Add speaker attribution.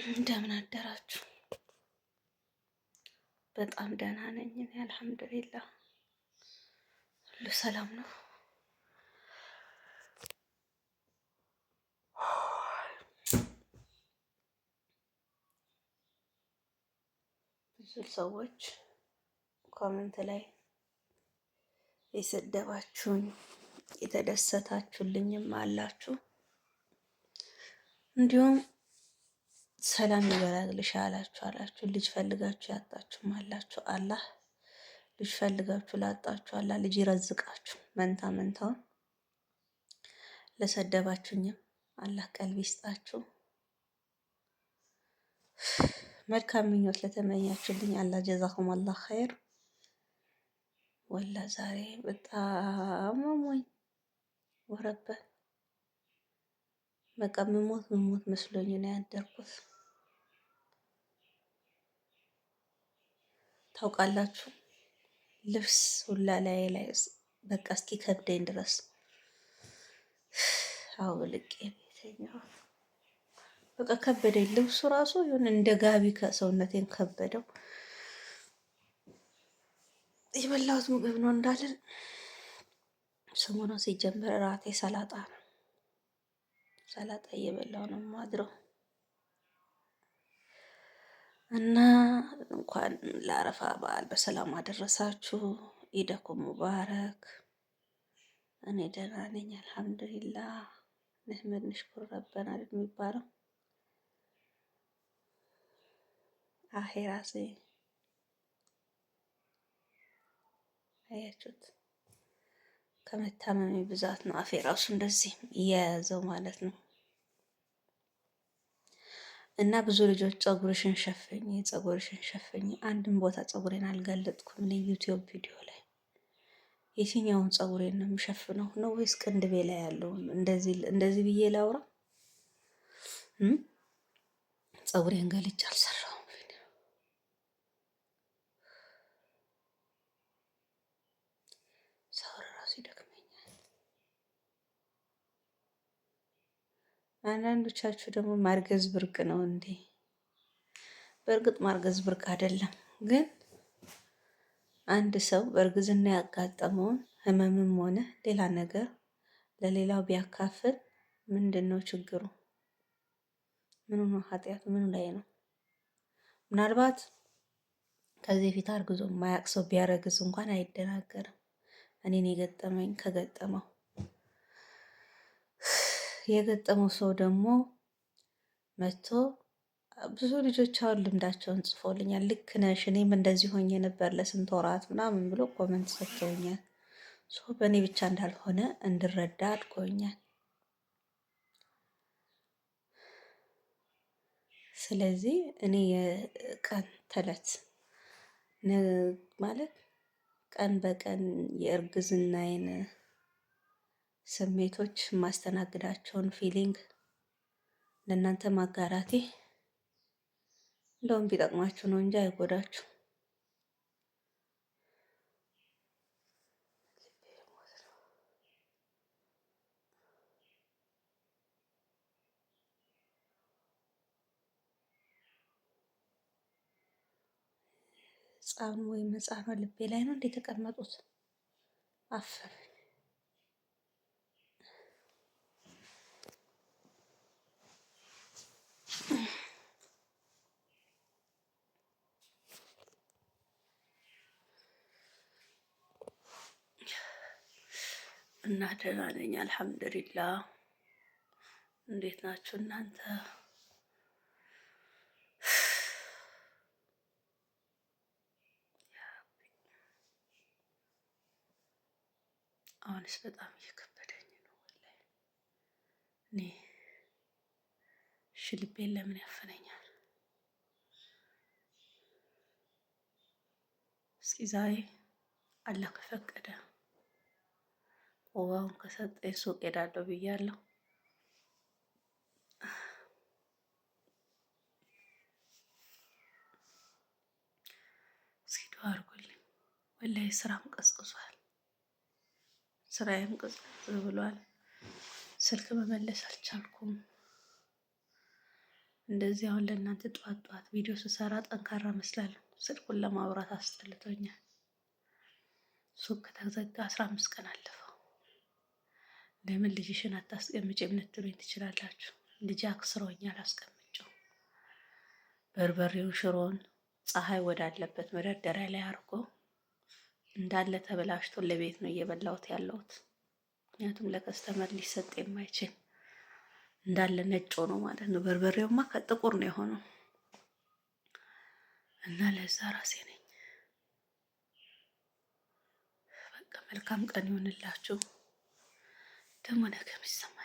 Speaker 1: እንደምን አደራችሁ? በጣም ደህና ነኝ እኔ አልሐምዱሊላህ፣ ሁሉ ሰላም ነው። ብዙ ሰዎች ኮመንት ላይ የሰደባችሁኝ የተደሰታችሁልኝም አላችሁ እንዲሁም ሰላም ይበላልሽ አላችሁ አላችሁ ልጅ ፈልጋችሁ ያጣችሁም አላችሁ አላህ ልጅ ፈልጋችሁ ላጣችሁ አላህ ልጅ ይረዝቃችሁ መንታ መንታውን ለሰደባችሁኝም አላህ ቀልብ ይስጣችሁ። መልካም ምኞት ለተመኛችሁልኝ አላህ ጀዛኩም አላህ ኸይር። ወላ ዛሬ በጣም አሞኝ ወረበ በቃ ምሞት ምሞት መስሎኝ ነው ያደርኩት። ታውቃላችሁ ልብስ ሁላ ላይ ላይ በቃ እስኪ ከብደኝ ድረስ አውልቄ ቤተኛ በቃ ከበደኝ። ልብሱ ራሱ ይሁን እንደ ጋቢ ከሰውነቴን ከበደው። የበላሁት ምግብ ነው እንዳለን ሰሞኑን ሲጀመር ራቴ ሰላጣ ነው። ሰላጣ እየበላሁ ነው ማድረው እና እንኳን ለአረፋ በዓል በሰላም አደረሳችሁ። ኢደኩም ሙባረክ። እኔ ደህና ነኝ አልሐምዱሊላ። ንሕመድ ንሽኩር ረበና የሚባለው አሄራሴ አያችሁት፣ ከመታመሚ ብዛት ነው አፌ ራሱ እንደዚህ እየያዘው ማለት ነው። እና ብዙ ልጆች ፀጉርሽን ሸፍኝ ፀጉርሽን ሸፍኝ፣ አንድም ቦታ ፀጉሬን አልገለጥኩም። እኔ ዩቲዩብ ቪዲዮ ላይ የትኛውን ጸጉሬን ነው የምሸፍነው? ነው ወይስ ቅንድቤ ላይ ያለውን? እንደዚህ ብዬ ላውራ? ጸጉሬን ገልጬ አልሰራ አንዳንዶቻችሁ ደግሞ ማርገዝ ብርቅ ነው እንዴ? በእርግጥ ማርገዝ ብርቅ አይደለም፣ ግን አንድ ሰው በእርግዝና ያጋጠመውን ህመምም ሆነ ሌላ ነገር ለሌላው ቢያካፍል ምንድን ነው ችግሩ? ምኑ ነው ኃጢአት? ምኑ ላይ ነው? ምናልባት ከዚህ ፊት አርግዞ ማያቅ ሰው ቢያረግዝ እንኳን አይደናገርም። እኔን የገጠመኝ ከገጠመው የገጠመው ሰው ደግሞ መጥቶ ብዙ ልጆች አሁን ልምዳቸውን ጽፎልኛል። ልክ ነሽ፣ እኔም እንደዚህ ሆኜ ነበር ለስንት ወራት ምናምን ብሎ ኮመንት ሰጥተውኛል። ሶ በእኔ ብቻ እንዳልሆነ እንድረዳ አድጎኛል። ስለዚህ እኔ የቀን ተለት ማለት ቀን በቀን የእርግዝናዬን ስሜቶች የማስተናግዳቸውን ፊሊንግ ለእናንተ ማጋራቴ እንደውም ቢጠቅማችሁ ነው እንጂ አይጎዳችሁ። ህፃኑ ወይም መጽሐፈ ልቤ ላይ ነው እንዴ የተቀመጡት አፈር እና ደህና ነኝ እንዴት ናችሁ እናንተ? አሁንስ በጣም እየከበደኝ ነው። ወላሂ እኔ እሺ ለምን ያፈነኛል? እስኪ ዛሬ አላህ ከፈቀደ ውሃውን ከሰጠኝ ሱቅ ሄዳለሁ ብያለሁ። እስኪ ዱዓ አድርጉልኝ። ወላሂ ስራም ቀዝቅዟል፣ ስራዬም ቀዝቅዝ ብሏል። ስልክ መመለስ አልቻልኩም። እንደዚህ አሁን ለእናንተ ጠዋት ጠዋት ቪዲዮ ስሰራ ጠንካራ መስላለሁ። ስልኩን ለማውራት አስጠልቶኛል። ሱቅ ከተዘጋ አስራ አምስት ቀን አለፈ። ለምን ልጅሽን አታስቀምጭም ልትሉኝ ትችላላችሁ። ልጅ አክስሮኛል አስቀምጨው። በርበሬውን፣ ሽሮን ፀሐይ ወዳለበት መደርደሪያ ላይ አድርጎ እንዳለ ተበላሽቶ ለቤት ነው እየበላሁት ያለሁት። ምክንያቱም ለከስተመር ሊሰጥ የማይችል እንዳለ ነጭ ሆኖ ማለት ነው። በርበሬውማ ከጥቁር ነው የሆነው እና ለዛ ራሴ ነኝ። በቃ መልካም ቀን ይሆንላችሁ። ደግሞ ነገም ይሰማል።